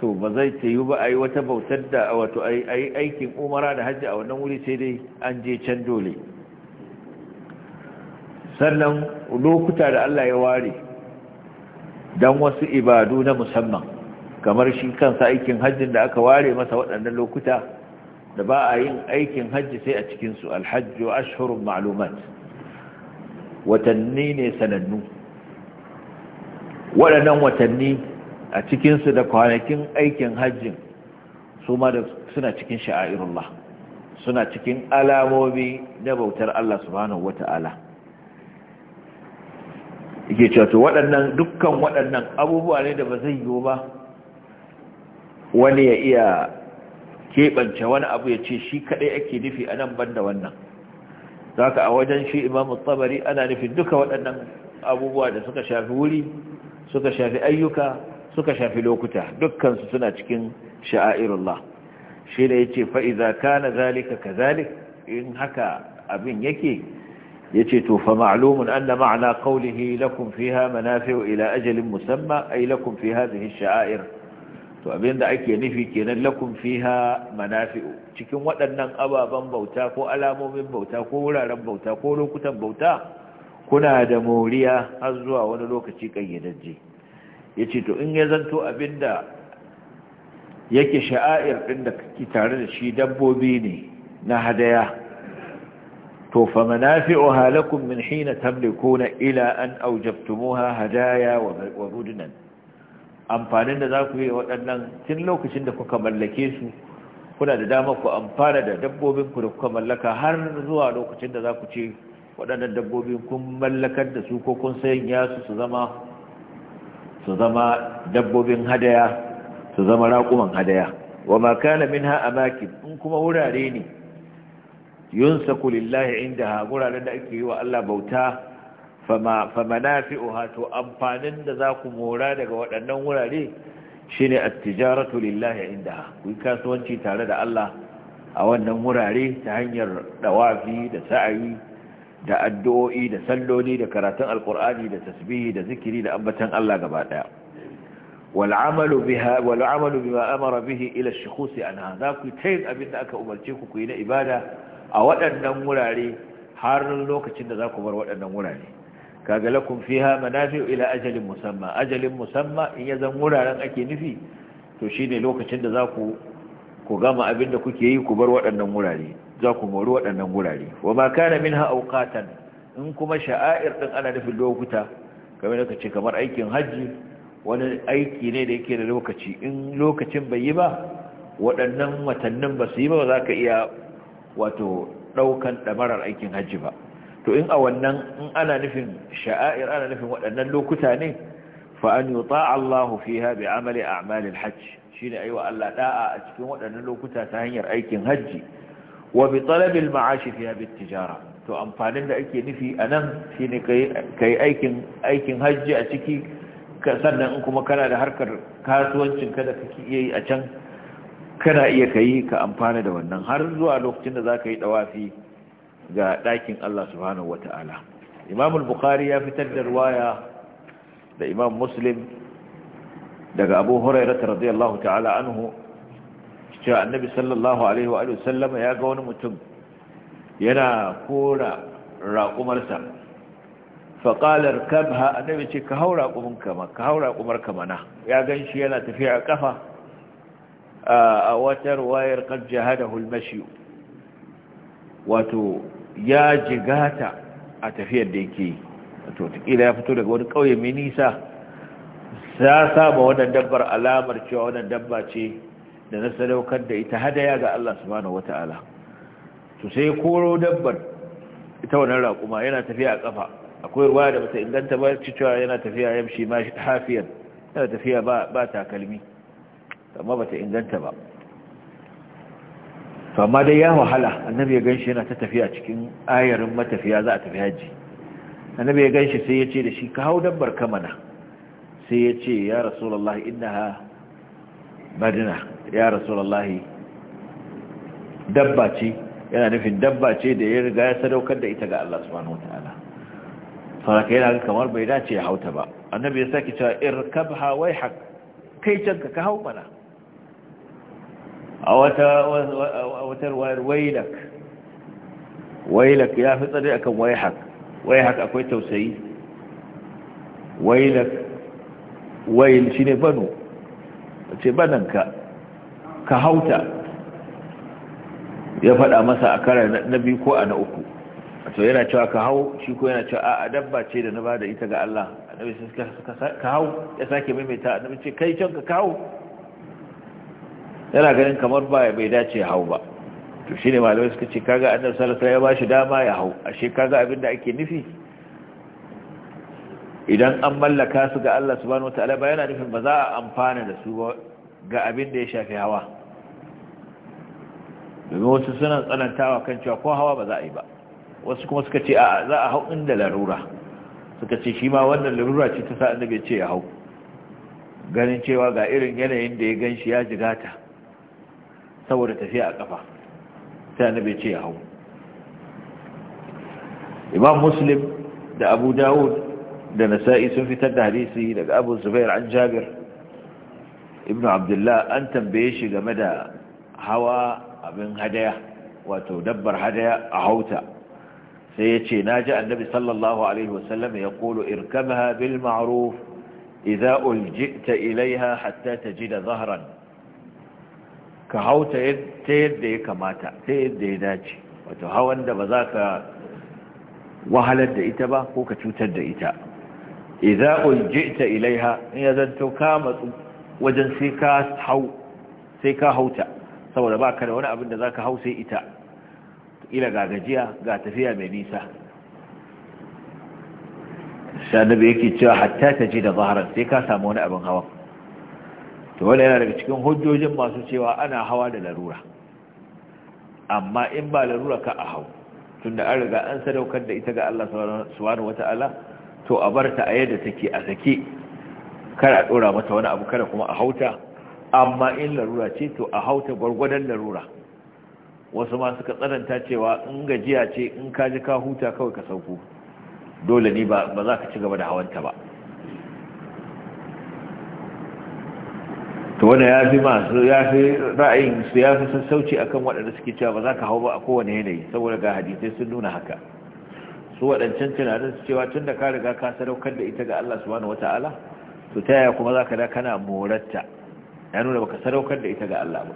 Speaker 1: to ba zai ce ba a yi wata bautar da wato a yi aikin umara da hajji a wannan wuri sai dai an je can dole sannan lokuta da Allah ya ware don wasu ibadu na musamman kamar shi kansa aikin hajjin da aka ware masa waɗannan lokuta da ba a yin aikin hajji sai a cikinsu alhajjo ashhurun ma'lumat watanni ne sanannu waɗannan watanni a cikinsu da kwanakin aikin hajjin su ma da suna cikin sha'airullah suna cikin alamomi na bautar Allah subhanahu wata'ala yake cewa to waɗannan dukkan waɗannan abubuwa ne da ba zai yiwu ba wani ya iya keɓance wani abu ya ce shi kaɗai ake nufi a nan banda wannan za ka a wajen shi imamu tsabari ana nufin duka waɗannan abubuwa da suka shafi wuri suka shafi ayyuka suka shafi lokuta dukkansu suna cikin sha'airullah shi da yace ce fa'iza kana zalika kazalik in haka abin yake yace to fa ma'lumun anna ma'ana qawlihi lakum fiha manafi'u ila ajalin musamman ay lakum fi zihin sha'air to abinda ake nufi kenan lakum fiha manafi'u cikin waɗannan ababen bauta ko alamomin bauta ko wuraren bauta ko lokutan bauta kuna da moriya har zuwa wani lokaci kayyadajje ya ce to in ya zanto abin abinda yake sha'air ɗin da kake tare da shi dabbobi ne na hadaya to fa manafi'uha lakum min hina na ila an aujabtumuha hadaya wa budunan amfanin da za ku yi waɗannan tun lokacin da kuka mallake su kuna da dama ku amfana da dabbobinku da kuka mallaka har zuwa lokacin da za ku ce waɗannan dabbobin kun mallakar da su ko kun sayan yasu su zama su zama dabbobin hadaya su zama raƙuman hadaya wa ma kana minha amakin in kuma wurare ne yunsaku lillahi ha! wuraren da ake yi wa Allah bauta fama famanafi'uha to amfanin da za ku mora daga waɗannan wurare shine at-tijaratu lillahi ha! ku kasuwanci tare da Allah a wannan wurare ta hanyar dawafi da sa'ayi da addu'o'i da salloli da karatun alkur'ani da tasbihi da zikiri da ambatan Allah gaba ɗaya. Wal'amalu amalu biha bihi ila ash-shukhus anha za ku tayin abinda aka umarci ku yi na ibada a waɗannan wurare har lokacin da za ku bar waɗannan wurare kaga lakum fiha manafi'u ila ajalin musamma ajalin musamma in ya zan wuraren ake nufi to shine lokacin da za ku gama gama abinda kuke yi ku bar waɗannan wurare za ku mori waɗannan gurare wa ma kana minha in kuma sha'air ɗin ana nufin lokuta kamar da kace kamar aikin hajji wani aiki ne da yake da lokaci in lokacin bai yi ba waɗannan watannin ba su yi ba za ka iya wato ɗaukan ɗamarar aikin hajji ba to in a wannan in ana nufin sha'air ana nufin waɗannan lokuta ne an yi ta Allah fi haɓe amali a amalin hajji shi ne aiwa Allah ɗa'a a cikin waɗannan lokuta ta hanyar aikin hajji wa bi talabil ma'ashi fiha bit tijara to amfanin da ake nufi anan shine kai aikin aikin hajji a ciki sannan in kuma kana da harkar kasuwancin kada kake iya yi a can kana iya kai ka amfana da wannan har zuwa lokacin da zaka yi dawafi ga dakin Allah subhanahu wataala Imam al-Bukhari ya fitar da riwaya da Imam Muslim daga Abu Hurairah radiyallahu ta'ala anhu cewa annabi sallallahu alaihi wa sallama ya ga wani mutum yana kora raƙumarsa faƙalar kabha annabi ce ka hau raƙumin ma ka hau raƙumar kamana ya gan shi yana tafiya a ƙafa a watar wayar kan jihada hulmashi wato ya jigata a tafiyar da yake yi wato taƙila ya fito daga wani ƙauye mai nisa a saba wannan dabbar alamar cewa wannan dabba ce da na sadaukar da ita hadaya ga Allah subhanahu wata'ala to sai koro dabbar ita wannan raƙuma yana tafiya a kafa akwai ruwa da bata inganta ba cewa yana tafiya yamshi ma hafiyar yana tafiya ba ba takalmi amma bata inganta ba to amma dai ya wahala annabi ya ganshi yana ta tafiya cikin ayarin matafiya za a tafi haji annabi ya ganshi sai ya ce da shi ka hau dabbar kamana sai ya ce ya rasulullah innaha madina ya rasulallahi dabba ce yana nufin dabba ce da ya riga ya sadaukar da ita ga Allah subhanahu wataala saraka yana kamar bai dace ya hauta ba annabi ya saki cewa irkabha wayhak kai canka ka hau mana a wata watar wayar wailak wailak ya fi tsari akan wai wai wayhak akwai tausayi wailak wail shine banu ce badanka ka hauta ya faɗa masa a kara na biyu ko a na uku to yana cewa ka hau shi ko yana cewa a dabba ce da na bada ita ga Allah annabi sai ka hau ya sake maimaita annabi ce kai can ka hau yana ganin kamar ba bai dace hau ba to shine malamai suka ce kaga annabi sallallahu alaihi wasallam ya bashi dama ya hau ashe kaga abinda ake nufi idan an mallaka su ga Allah subhanahu wataala ba yana nufin ba za a amfana da su ga abin da ya shafi hawa domin wasu suna tsanantawa kan cewa ko hawa ba za a yi ba wasu kuma suka ce a za a hau inda larura suka ce shi ma wannan larura ce ta sa bai ce ya hau ganin cewa ga irin yanayin da ya gan shi ya jigata saboda tafiya a kafa sai bai ce ya hau imam muslim da abu dawud da nasa'i sun fitar da hadisi daga abu zubair an jabir ibn abdullah an tambaye shi game da hawa abin hadaya wato dabbar hadaya a hauta sai ya ce na ji annabi sallallahu alaihi wasallam ya kolo irkamaha bil ma'ruf idza uljita ilaiha hatta tajida zahran ka hauta ta yadda ya kamata ta yadda ya dace wato hawan da ba za ka wahalar da ita ba ko ka cutar da ita idza uljita ilaiha in ya zanto ka matsu wajen sai ka hau sai ka hauta saboda baka da wani abin da zaka hau sai ita ila gagajiya ga tafiya mai nisa shanabi yake cewa hatta ta ji da zaharar sai ka samu wani abin hawa to wanda yana daga cikin hujjojin masu cewa ana hawa da larura amma in ba larura ka a hau tunda an riga an sadaukar da ita ga Allah subhanahu wata'ala to a bar ta a yadda take a sake kar a dora mata wani abu kada kuma a hauta amma in larura ce to a hauta gwargwadon larura wasu ma suka tsananta cewa in gajiya ce in ka ji ka huta kawai ka sauko dole ne ba za ka ci gaba da hawanta ba to wani ya fi masu ya fi ra'ayin su ya fi sassauci akan waɗanda suke cewa ba za ka hau ba a kowane yanayi saboda ga hadisai sun nuna haka su waɗancan tunanin su cewa tun da ka riga ka sadaukar da ita ga Allah subhanahu wata'ala to ta yaya kuma za ka da kana moratta ya nuna baka sadaukar da ita ga Allah ba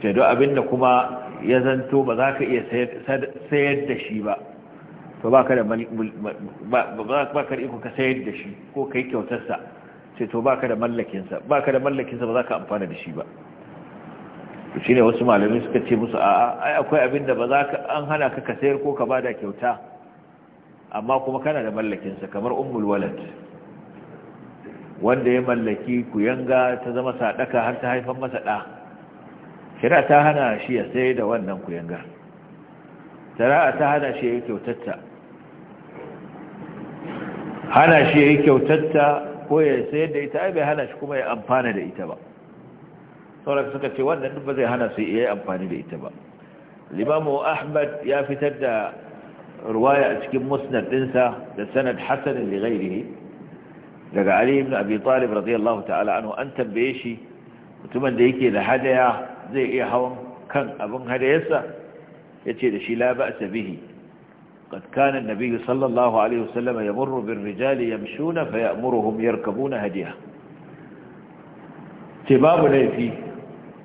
Speaker 1: ce don abin da kuma ya zanto ba za ka iya sayar da shi ba to ba ka da iko ka sayar da shi ko ka yi kyautarsa ce to ba ka da mallakinsa ba ka da mallakinsa ba za ka amfana da shi ba to shine wasu malamai suka ce musu a'a ai akwai abin da ba za ka an hana ka ka sayar ko ka bada kyauta amma kuma kana da mallakin sa kamar ummul walad wanda ya mallaki ku yanga ta zama sadaka har ta haifar masa da shari'a ta hana shi ya sayar da wannan ku yanga. shari'a ta hana shi ya kyautatta hana shi ya kyautatta ko ya sayar da ita ai bai hana shi kuma ya amfana da ita ba saboda suka ce wannan duk ba zai hana su iya amfani da ita ba limamu ahmad ya fitar da ruwaya a cikin musnad dinsa da sanad hasan li ghairihi daga ali ibn abi talib radiyallahu ta'ala anhu an tambaye shi mutumin da yake da hadaya zai iya hawan kan abin hadayarsa yace da shi la ba'sa bihi قد كان النبي صلى الله عليه وسلم يمر بالرجال يمشون فيأمرهم يركبون هديه تباب ليفي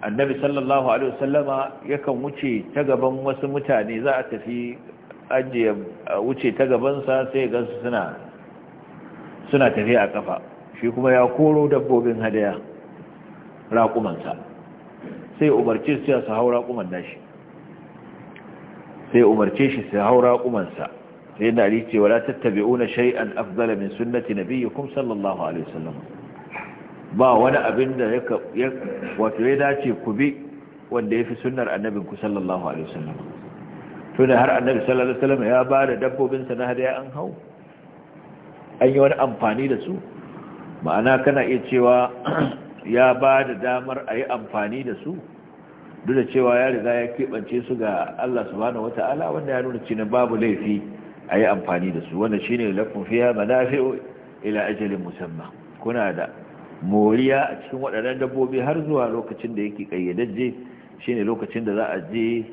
Speaker 1: annabi sallallahu alaihi wasallama yakan wuce ta gaban wasu mutane za a tafi ajiye wuce ta gabansa sai gansu suna suna tafiya a kafa shi kuma ya koro dabbobin hadaya raƙumansa sai umarce su su hau raƙuman nashi sai umarce shi su hau raƙumansa sai yana cewa la tattabi'una shay'an afdala min sunnati nabiyyikum sallallahu alaihi wasallam ba wani abin da ya wato ya dace ku bi wanda ya fi sunnar annabin ku sallallahu alaihi wasallam to har annabi sallallahu alaihi wasallam ya ba da dabbobinsa na hadaya an hau an yi wani amfani da su ma'ana kana iya cewa ya ba da damar a yi amfani da su duk da cewa ya riga ya keɓance su ga Allah subhanahu wata'ala wanda ya nuna cewa babu laifi a yi amfani da su wanda shine lakum fiha manafi'u ila ajalin musamma kuna da moriya a cikin waɗannan dabbobi har zuwa lokacin da yake ƙayyadajje ne lokacin da za a je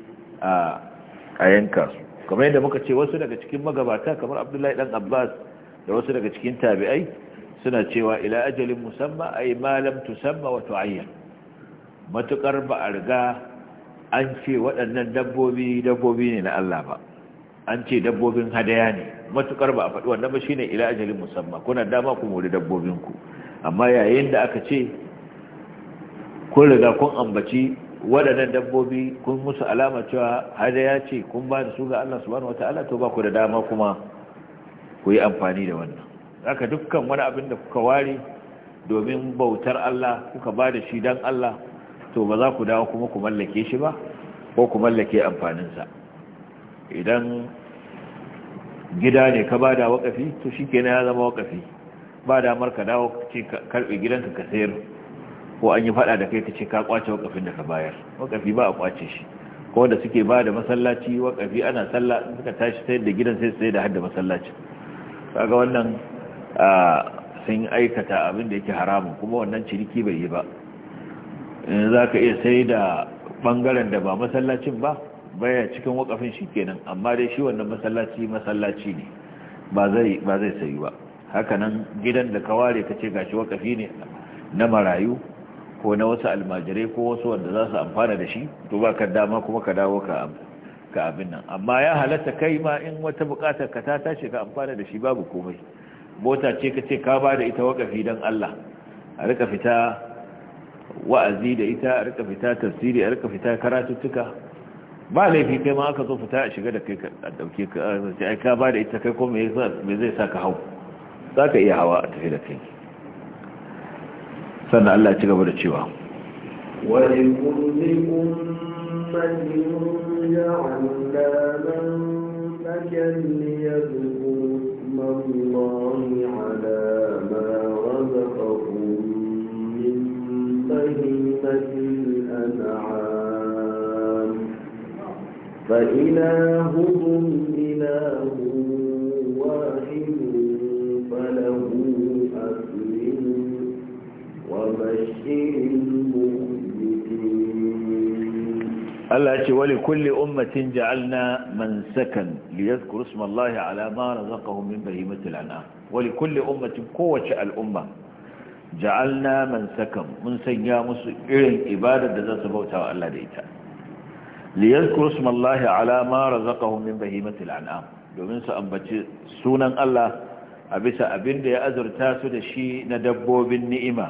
Speaker 1: a yanka su kamar yadda muka ce wasu daga cikin magabata kamar abdullahi ɗan abbas da wasu daga cikin tabi'ai suna cewa ila ajalin musamma a yi malam tusamma wato ayyar matuƙar ba a riga an ce waɗannan dabbobi dabbobi ne na Allah ba an ce dabbobin hadaya ne matuƙar ba a faɗi wannan ba shine ila ajalin musamma kuna dama ku mori dabbobinku amma yayin da aka ce kun riga kun ambaci waɗannan dabbobi kun musu alama cewa ya ce kun ba da su ga Allah subhanahu wata'ala to ba ku da dama kuma ku yi amfani da wannan haka dukkan wani abin da kuka ware domin bautar Allah kuka ba da shi don Allah to ba za ku dawo kuma ku mallake shi ba ko ku mallake amfaninsa idan gida ne ka ba da waƙafi to shi kenan ya zama wakafi. ba damar ka dawo ce karbe gidanka ka sayar ko an yi fada da kai ka ce ka kwace wakafin da ka bayar wakafi ba a kwace shi ko da suke ba da masallaci wakafi ana sallah suka tashi sayar da gidan sai sayar da hadda masallaci kaga wannan sun aikata abin da yake haramun kuma wannan ciniki bai yi ba in za ka iya sai da bangaren da ba masallacin ba baya cikin wakafin shi kenan amma dai shi wannan masallaci masallaci ne ba zai sayi ba hakanan gidan da ka ware ka ce gashi wakafi ne na marayu ko na wasu almajirai ko wasu wanda za su amfana da shi to ba ka dama kuma ka dawo ka abin nan amma ya halatta kai ma in wata bukatar ka ta tashi ka amfana da shi babu komai mota ce ka ce ka ba da ita wakafi don Allah a rika fita wa'azi da ita a rika fita tafsiri a rika fita karatuttuka ba laifi kai ma aka zo fita a shiga da kai ka dauke ka ai ka ba da ita kai ko me zai sa ka hau za ka iya hawa a tafi da kai sannan Allah ci gaba da cewa
Speaker 2: wani kulli ummatin ya'ala man takan liyadhkuru mallahi ala ma razaqahum min
Speaker 1: Allah ce wali kulle ummatin ja'alna man sakan li yadhkuru isma Allah ala ma razaqahum min bahimatil an'am wali kulle ummatin kowace al'umma ja'alna man sakan mun sanya musu irin ibadar da za su bauta wa Allah da ita li yadhkuru isma Allah ala ma razaqahum min bahimatil an'am domin su ambaci sunan Allah a bisa abin da ya azurta su da shi na dabbobin ni'ima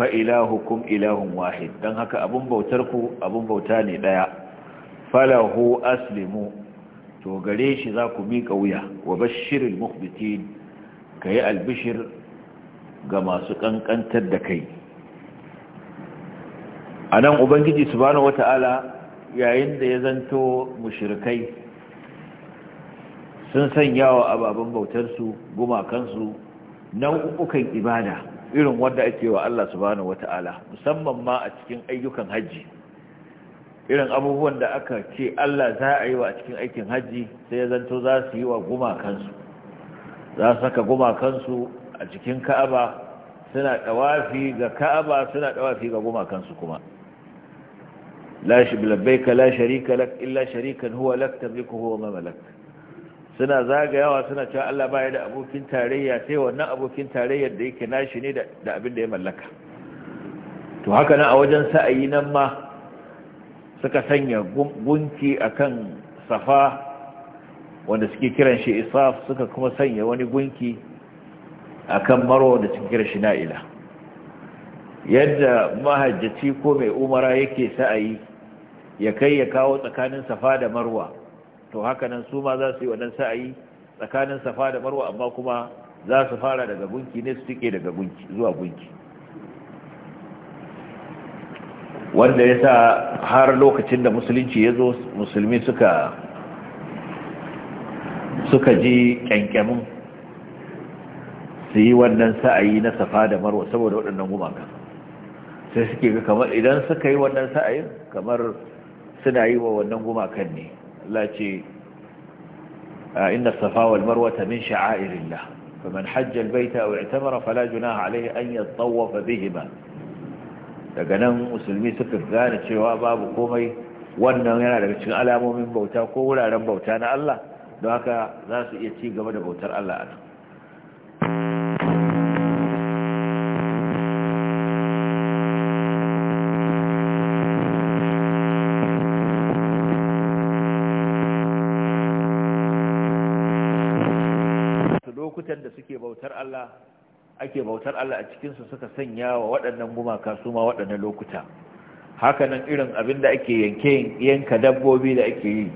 Speaker 1: fa ilahukum ilahun wahid don haka abun bautar ku abun bauta ne ɗaya. falahu aslimu to gare shi za ku miƙa wuya wa bashirin muhbitin ka yi albishir ga masu ƙanƙantar da kai a nan ubangiji subhanahu wata'ala yayin da ya zanto mushrikai sun sanya wa ababen bautarsu gumakansu nau'ukan ibada irin wanda ake wa Allah subhanahu wata'ala musamman ma a cikin ayyukan hajji irin abubuwan da aka ce Allah za a yi wa a cikin aikin hajji sai ya zanto za su yi wa gumakansu za su saka gumakansu a cikin ka'aba suna ɗawafi ga ka'aba suna ɗawafi ga gumakansu kuma la shi labbaika la sharika lak illa sharikan huwa lak tamliku huwa ma suna zagayawa suna cewa Allah baya da abokin tarayya sai wannan abokin tarayyar da yake nashi ne da abin da ya mallaka to haka nan a wajen sa'ayi nan ma suka sanya gunki akan safa wanda suke kiran shi isaf suka kuma sanya wani gunki akan marwa da suke kiran shi na'ila yadda mahajjaci ko mai umara yake sa'ayi ya kai ya kawo tsakanin safa da marwa to haka nan su ma za su yi wannan sa'ayi tsakanin safa da marwa amma kuma za su fara daga gunki ne su tike daga gunki zuwa gunki wanda ya sa har lokacin da musulunci ya zo musulmi suka suka ji kyankyamin su yi wannan sa'ayi na safa da marwa saboda waɗannan gumaka sai suke ga kamar idan suka yi wannan sa'ayin kamar suna yi wa wannan gumakan ne Allah ce inna safa wal marwata min sha'airillah faman hajja albayta aw i'tamara fala junaha alayhi an yatawafa bihima daga nan musulmi suka gane cewa babu komai wannan yana daga cikin alamomin bauta ko wuraren bauta na Allah don haka za su iya ci gaba da bautar Allah a gumaka ake bautar Allah a cikinsu suka sanya wa waɗannan gumaka su ma waɗannan lokuta hakanan irin abin da ake yanke yanka dabbobi da ake yi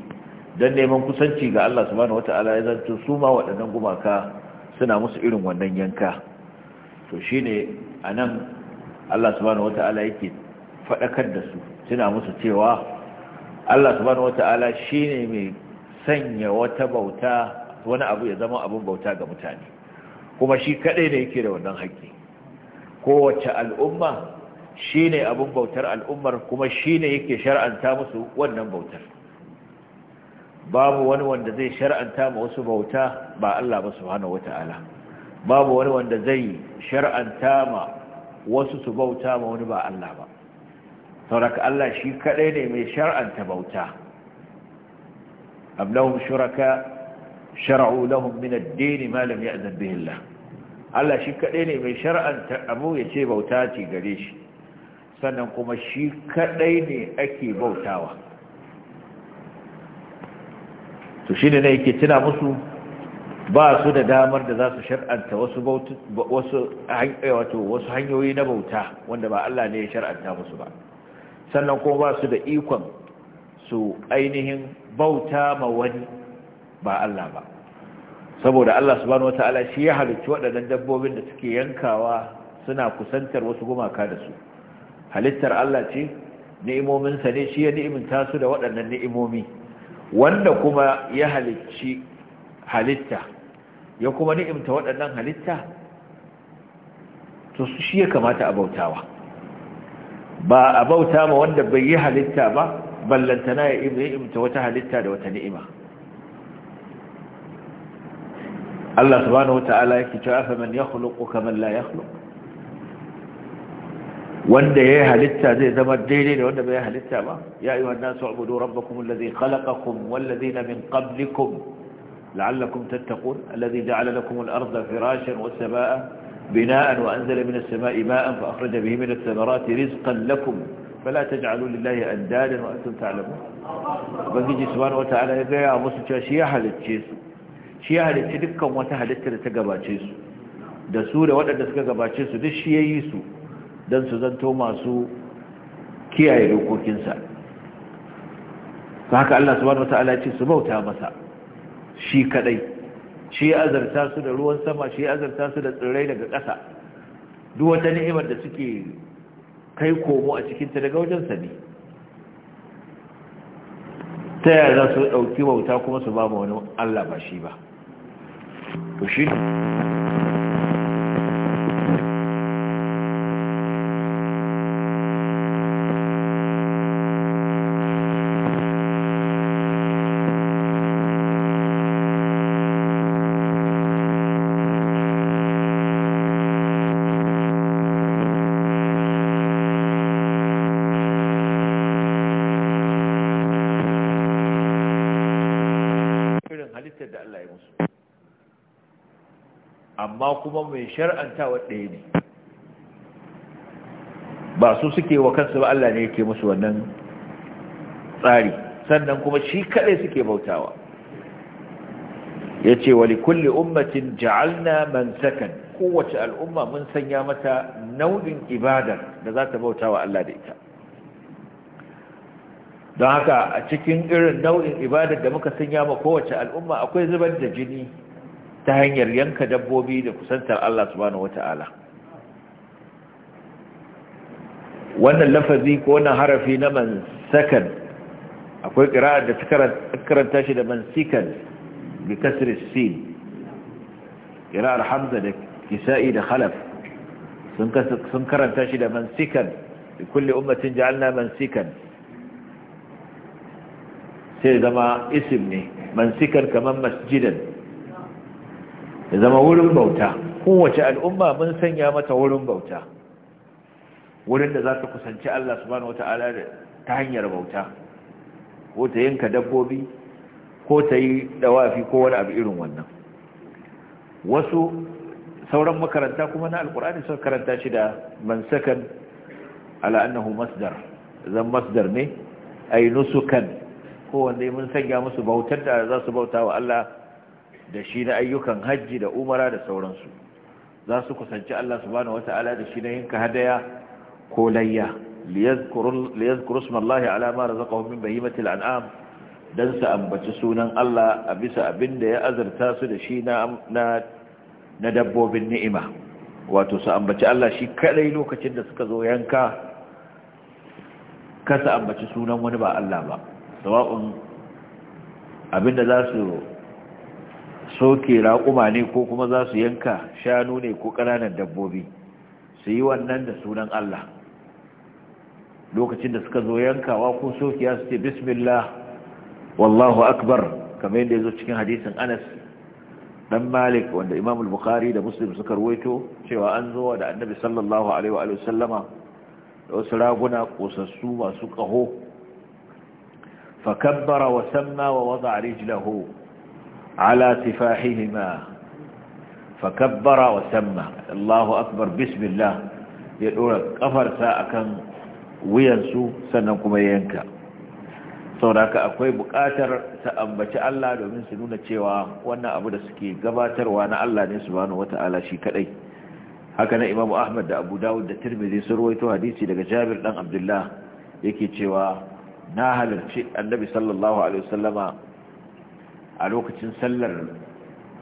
Speaker 1: don neman kusanci ga Allah subhanahu wata'ala ya zanto su ma waɗannan gumaka suna musu irin wannan yanka to shine nan Allah subhanahu wata'ala yake faɗakar da su suna musu cewa Allah subhanahu wata'ala shine mai sanya wata bauta wani abu ya zama abin bauta ga mutane kuma shi kaɗai ne yake da wannan haƙƙi kowace al'umma ne abin bautar al'ummar kuma shine yake shara'anta musu wannan bautar babu wani wanda zai shar'anta ma wasu bauta ba Allah ba subhanahu wata'ala babu wani wanda zai shar'anta ma wasu su bauta ma wani ba Allah ba sauraka Allah shi kaɗai ne mai shar'anta bauta amlahum shuraka shara'u lahum min ad-din ma lam ya'zan bihi Allah Allah shi kadai ne mai shar'anta abu ya ce bauta ce gare shi sannan kuma shi kadai ne ake bautawa to shine ne yake tuna musu ba su da damar da za su shar'anta wasu eh, wasu hanyoyi na bauta wanda ba Allah ne ya shar'anta musu ba sannan kuma ba su da ikon su ainihin bauta ma wani ba Allah ba saboda Allah subhanahu wataala shi ya halicci waɗannan dabbobin da suke yankawa suna kusantar wasu gumaka da su halittar Allah ce ni'imominsa ne shi ya ni'imta su da waɗannan ni'imomi wanda kuma ya halicci halitta ya kuma ni'imta waɗannan halitta to su shi ya kamata a bautawa ba a bauta ma wanda bai yi halitta ba ballantana ya ni'imta wata halitta da wata ni'ima Allah subhanahu wata'ala yake cewa fa man yakhluqu kaman la yakhluq wanda ya halitta zai zama daidai da wanda bai halitta ba ya ayyuhan nasu ubudu rabbakum alladhi khalaqakum wal ladina min qablikum la'allakum tattaqun alladhi ja'ala lakum al-ardha firashan was samaa'a بناء وأنزل من السماء ماء فأخرج به من الثمرات رزقا لكم فلا تجعلوا لله أندادا وأنتم تعلمون بنجي سبحانه وتعالى يا مسجد شيحة للجيسو shi ya halicci dukkan wata halitta da ta gabace su da su da waɗanda suka gabace su duk shi ya yi su don su zanto masu kiyaye dokokinsa ta haka Allah subhanahu wata'ala ce su bauta masa shi kadai shi ya azarta su da ruwan sama shi ya azarta su da tsirrai daga ƙasa duk wata ni'imar da suke kai komo a cikinta daga wajensa ne ta yaya za su ɗauki bauta kuma su ba ma wani Allah ba shi ba to kuma mai shar'antawa ɗaya ne ba su suke wa kansu ba Allah ne yake musu wannan tsari sannan kuma shi kaɗai suke bautawa ya ce wali kulle ummatin ja'alna man sakan kowace al'umma mun sanya mata nau'in ibadar da za ta bautawa Allah da ita don haka a cikin irin nau'in ibadar da muka sanya ma kowace al'umma akwai zubar da jini ta hanyar yanka dabbobi da kusantar Allah subhanahu wata'ala wannan lafazi ko wannan harafi na man sakan akwai ƙira'ar da ta karanta shi da man sikan bi kasri sin ƙira'ar hamza da kisa'i da khalaf sun karanta shi da man sikan bi kulle ummatin ja'alna man sikan sai zama isim ne man sikan kamar masjidan ya zama wurin bauta kowace al'umma mun sanya mata wurin bauta wurin da za ta kusanci Allah subhanahu wata'ala ta hanyar bauta ko ta yanka dabbobi ko ta yi dawafi ko wani abu irin wannan wasu sauran makaranta kuma na alkur'ani sun karanta shi da sakan ala annahu masdar zan masdar ne ay nusukan ko wanda mun sanya musu bautar da za su bauta wa Allah da shi na ayyukan hajji da umara da sauransu za su kusanci Allah subhanahu wata'ala da shi na yinka hadaya ko layya liyazkuru smallahi ala ma razaqahum min bahimatil an'am dan su ambaci sunan Allah a bisa abin da ya azurta su da shi na na dabbobin ni'ima wato su ambaci Allah shi kadai lokacin da suka zo yanka su ambaci sunan wani ba Allah ba sawa'un abinda za su soke raƙuma ne ko kuma za su yanka shanu ne ko ƙananan dabbobi su yi wannan da sunan Allah lokacin da suka zo yankawa ko sokiya su ce bismillah wallahu akbar kamar yadda ya zo cikin hadisin anas dan malik wanda imam bukhari da muslim suka ruwaito cewa an zo da annabi sallallahu alaihi wa sallama da wasu raguna kosassu masu kaho fa kabbara wa sanna wa wada rijlahu على سفاحهما فكبر وسمى الله أكبر بسم الله يقول كفر ساعة وينسو سننكم ينكا sauraka akwai buƙatar ta ambaci Allah domin su nuna cewa wannan abu da suke gabatarwa na Allah ne subhanahu wata'ala shi kadai haka na Imam Ahmad da Abu Dawud da Tirmidhi sun rawaito hadisi daga Jabir dan Abdullah yake cewa na halarci Annabi sallallahu alaihi wasallama a lokacin sallar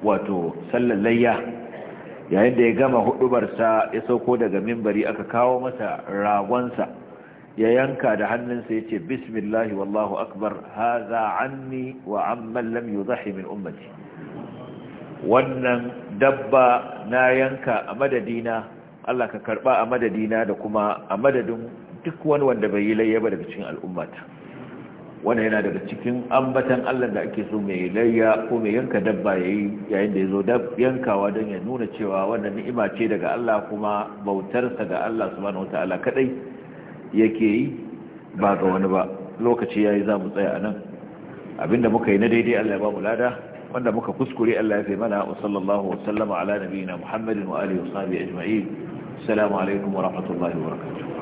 Speaker 1: wato sallar layya yayin da ya gama hudubarsa ya sauko daga mimbari aka kawo masa ragonsa ya yanka da hannunsa ya ce bismillahi wallahu akbar haza anni wa amman lam yudhi min ummati wannan dabba na yanka a madadina Allah ka karba a madadina da kuma a madadin duk wani wanda bai yi layya ba daga cikin al'ummata wanda yana daga cikin ambatan Allah da ake so mai layya ko mai yanka dabba yayi yayin da yazo dab yankawa don ya nuna cewa wannan ni'ima ce daga Allah kuma bautarsa ga Allah subhanahu wataala kadai yake yi ba ga wani ba lokaci yayi za mu tsaya anan abinda muka yi na daidai Allah ya ba mu lada wanda muka kuskure Allah ya mana wa sallallahu wa sallama ala nabiyina Muhammadin wa alihi wa sahbihi ajma'in assalamu alaikum wa rahmatullahi
Speaker 2: wa barakatuh